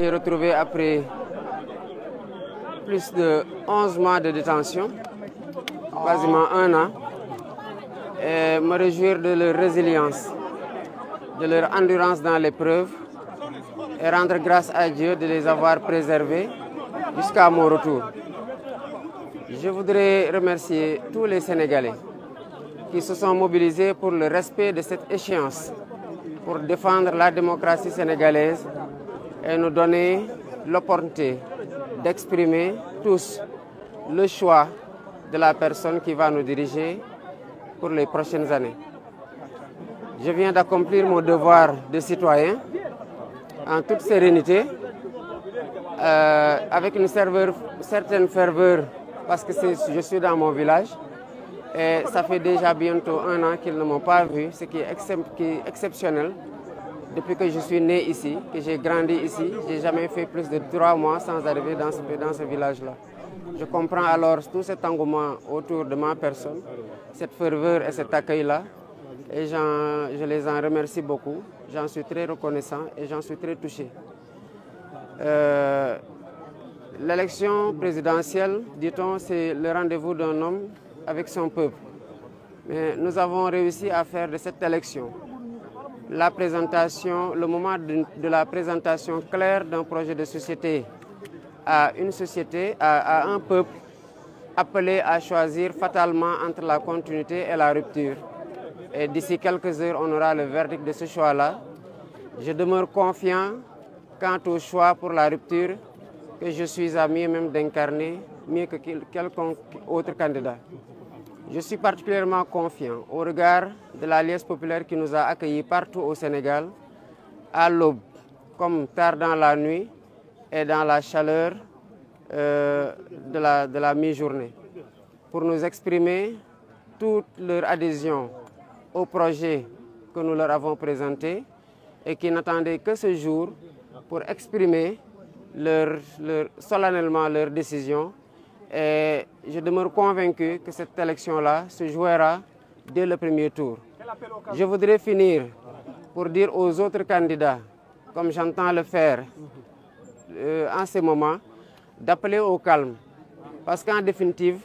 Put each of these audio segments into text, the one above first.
J'ai retrouvé après plus de 11 mois de détention, quasiment un an, et me réjouir de leur résilience, de leur endurance dans l'épreuve et rendre grâce à Dieu de les avoir préservés jusqu'à mon retour. Je voudrais remercier tous les Sénégalais qui se sont mobilisés pour le respect de cette échéance, pour défendre la démocratie sénégalaise et nous donner l'opportunité d'exprimer tous le choix de la personne qui va nous diriger pour les prochaines années. Je viens d'accomplir mon devoir de citoyen en toute sérénité, euh, avec une certaine ferveur, parce que je suis dans mon village. Et ça fait déjà bientôt un an qu'ils ne m'ont pas vu, ce qui est exceptionnel depuis que je suis né ici, que j'ai grandi ici, je n'ai jamais fait plus de trois mois sans arriver dans ce, village-là. Je comprends alors tout cet engouement autour de ma personne, cette ferveur et cet accueil-là. Et je les en remercie beaucoup. J'en suis très reconnaissant et j'en suis très touché. Euh, l'élection présidentielle, dit-on, c'est le rendez-vous d'un homme avec son peuple. Mais nous avons réussi à faire de cette élection la présentation, le moment de, la présentation claire d'un projet de société à une société, à, un peuple appelé à choisir fatalement entre la continuité et la rupture. Et d'ici quelques heures, on aura le verdict de ce choix-là. Je demeure confiant quant au choix pour la rupture que je suis ami, même d'incarner, mieux que quelconque autre candidat. Je suis particulièrement confiant au regard de l'Alliance populaire qui nous a accueillis partout au Sénégal, à l'aube, comme tard dans la nuit et dans la chaleur euh, de la, de la mi-journée, pour nous exprimer toute leur adhésion au projet que nous leur avons présenté et qui n'attendaient que ce jour pour exprimer solennellement leur décision et je demeure convaincu que cette élection-là se jouera dès le premier tour. Je voudrais finir pour dire aux autres candidats, comme j'entends le faire euh, en ce moment, d'appeler au calme. Parce qu'en définitive,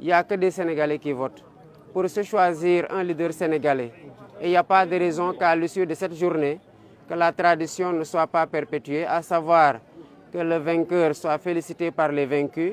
il n'y a que des Sénégalais qui votent. Pour se choisir un leader sénégalais, et il n'y a pas de raison qu'à l'issue de cette journée, que la tradition ne soit pas perpétuée, à savoir que le vainqueur soit félicité par les vaincus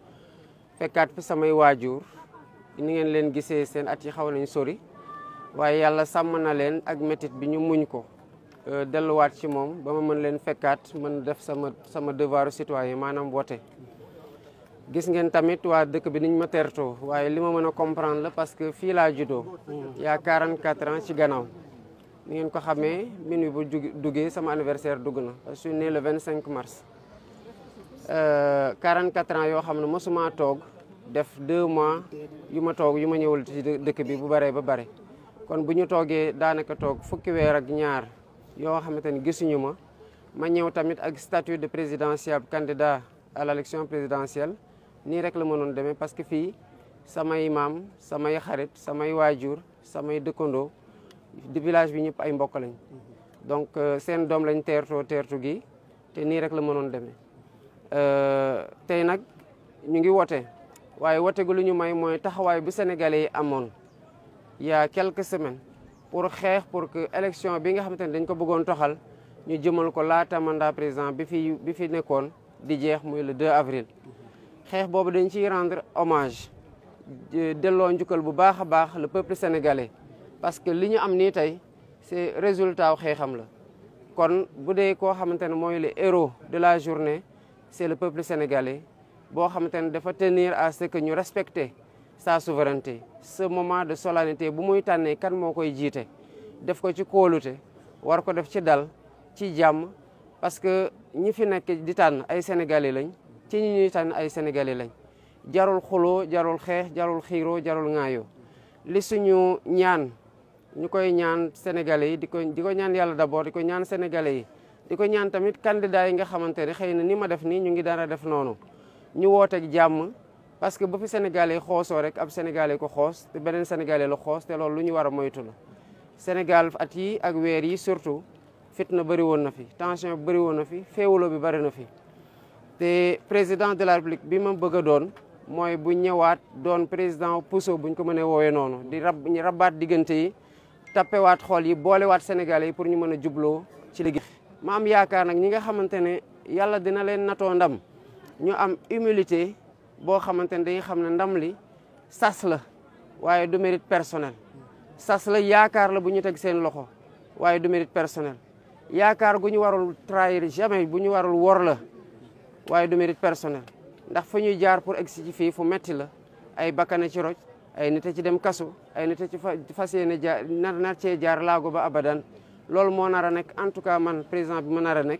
fekkat fi samay wajur ni ngeen len gisee sen at yi xaw nañ sori waye yalla sam na len ak metit bi ñu muñ ko euh, wat ci mom ba mën len fekkat mën def sama sama devoir citoyen manam wote gis ngeen tamit wa dekk bi niñ ma terto waye lima mëna comprendre la parce que fi la judo ya 44 ans ci ganaw ni ngeen ko xamé minuit bu duggé sama anniversaire duguna na né le 25 mars 44 euh, ans yoo xam ne mosuma toog def 2 mois yu ma toog yu ma ñëwul ci dëkk bi bu baree ba bare kon bu ñu toogee daanaka toog fukki weer ak ñaar yoo xamante ni gisuñu ma ma ñëw tamit ak statut de présidentiable candidat à l'élection présidentielle nii rek la mënoon demee parce que fii samay maam samay xarit samay waajur samay dëkkandoo di village bi ñëpp ay mbokk lañ donc euh, seen doom lañ teertoo teertu gi te nii rek la mënoon demee Euh, tay nak ñu ngi woté waaye woté gi lu ñu may moy taxaway bu sénégalais yi amoon il y a quelques semaines pour xeex pour que élection bi nga xamante dañ ko bëggoon toxal ñu jëmal ko laata mandat président bi fi bi fi nekkoon di jeex muy le 2 avril xeex bobu dañ ci rendre hommage delloo njukkal bu baaxa baax le peuple sénégalais parce que li ñu am ni tay c'est résultat wu la kon bu ko koo moy le héros de la journée c'est le peuple sénégalais boo xamante ne dafa tenir à ce que ñu respecter sa souveraineté se moment de solennité bu muy tànnee kan moo koy jiite def ko ci kóolute war ko def ci dal ci jàmm parce que ñi fi nekk di tànn ay sénégalais lañ ci ñi ñuy tànn ay sénégalais lañ jarul xuloo jarul xeex jarul xiiroo jarul ŋaayoo li suñu ñaan ñu koy ñaan sénégalais yi di ko di ko ñaan yàlla d'abord di ko ñaan sénégalais yi di ko ñaan tamit candidat yi nga xamante ne xëy na ni ma def nii ñu ngi daana def noonu ñu wooteeg jàmm parce que ba fi sénégalais xoosoo rek ab sénégalais ko xoos te beneen xoos te loolu lu ñu war a moytu la sénégal at yi ak weer yi surtout fitna bëri woon na fi tension bëri woon na fi féewuloo bi bëri na fi te président de la république bi ma bëgg a doon mooy bu ñëwaat doon président puso buñ ko mënee woowee noonu di rab ñu rabaat diggante yi tappewaat xool yi boolewaat sénégalais yi pour ñu mën a jubloo ci liggéey ma yaakaar nag ñi nga xamante ne yàlla dina leen natoo ndam ñu am humilité boo xamante ne dañuy xam ne ndam li sas la waaye du mérite personnel sas la yaakaar la bu ñu teg seen loxo waaye du mérite personnel yaakaar gu ñu warul trahir jamais bu ñu warul wor la waaye du mérite personnel ndax fu ñuy jaar pour egsi ci fii fu metti la ay bakkane ci roj ay nite ci dem kasu ay nite ci fas ne jaar nar nar cee jaar laago ba abadan lol mo nara nek en tout cas man président bi mo nara nek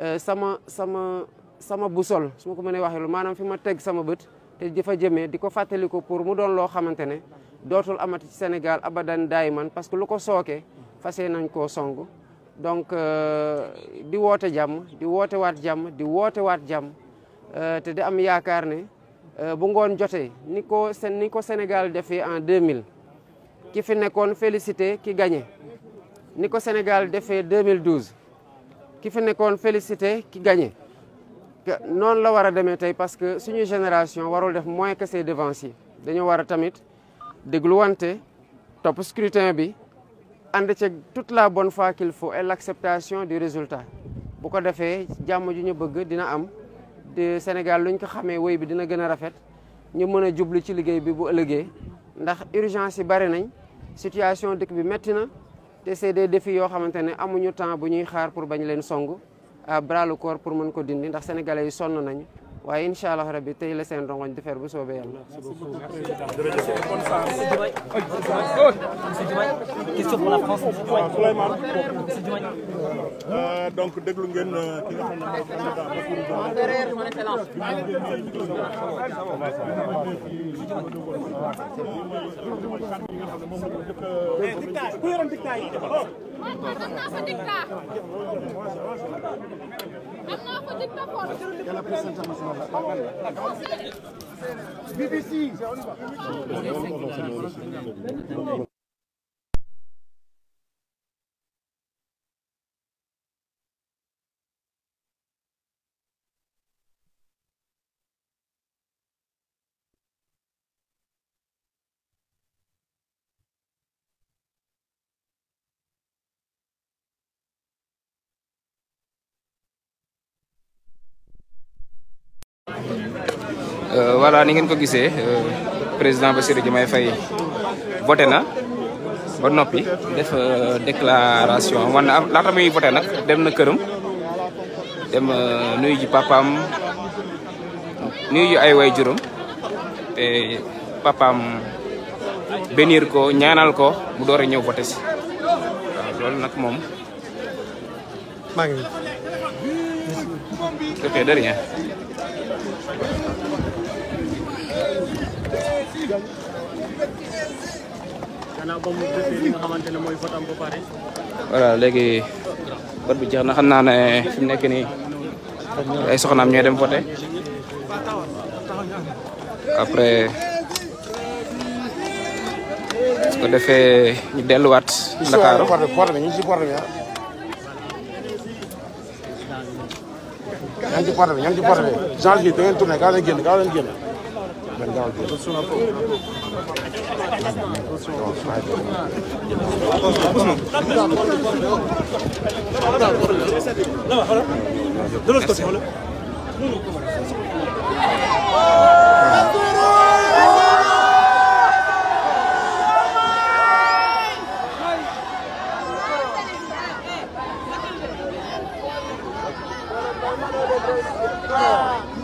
euh, sama sama sama busol suma ko mënee waxe lu manam fima tegg sama beut te di fa diko di ko pour mu doon lo xamantene dotul amati ci Sénégal abadan daay parce que lu ko soké fassé nañ ko songu donc euh, di wote jam di wote wat jam di water jam jam, te di am yaakaar ne euh, bu ngone joté niko ko niko ko Sénégal en 2000 ki fi nekkone féliciter ki gagné ni ko Sénégal défait 2012 ki fait Nékon félicité ki gagné Non, la wara démé tay parce que suñu génération warul def moins que ses devanciers dañu wara a tamit dégluwante top scrutin bi ànd ci toute la bonne foi qu'il faut et l'acceptation du résultat bu ko défé jamm ju ñu bëgg dina am de Sénégal luñ ko xamé way bi dina gëna rafet ñu mëna a jublu ci liggéey bi bu ëllëgee ndax urgence yi bari nañ situation dëkk bi metti na te c'est des défis yoo xamante ne amuñu temps bu ñuy xaar pour bañ leen song à euh, bras corps pour mën ko dindi ndax sénégalais yi sonn nañu. waaye incha allah rabbi tey la seen rongoñ di fer bu soobee yàlla. donc déglu ngeen ki nga xam ne moom BBC Euh, voilà ni ngeen ko gisee euh, président ba Bassirou may fay voté na ba noppi def euh, déclaration wan na laata nag dem na këram dem nuyu ji papaam nuyu ji ay way juróom te papaam bénir ko ñaanal ko mu door ñëw voté si waaw loolu nag moom maa ngi voilà léegi vote bi jeex na ne fi mu nekk ay soxnaam ñooy dem voté après ko defee ñu delluwaat Ndakaaru ñoo ngi ci porte bi ñoo ngi ci porte bi janvier no no Yeah.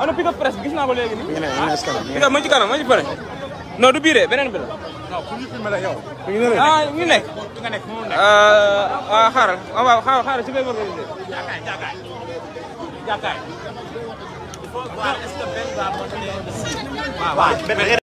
ana pick up press gis naa ko léegi nii. ñu ne ñu ne si ma ci kanam ma ci pare. non du biiree beneen bi la. non ne ah ñu nekk. nga nekk moom nekk. Euh, ah xaaral ah, waaw xaaral xaaral si benn organisé.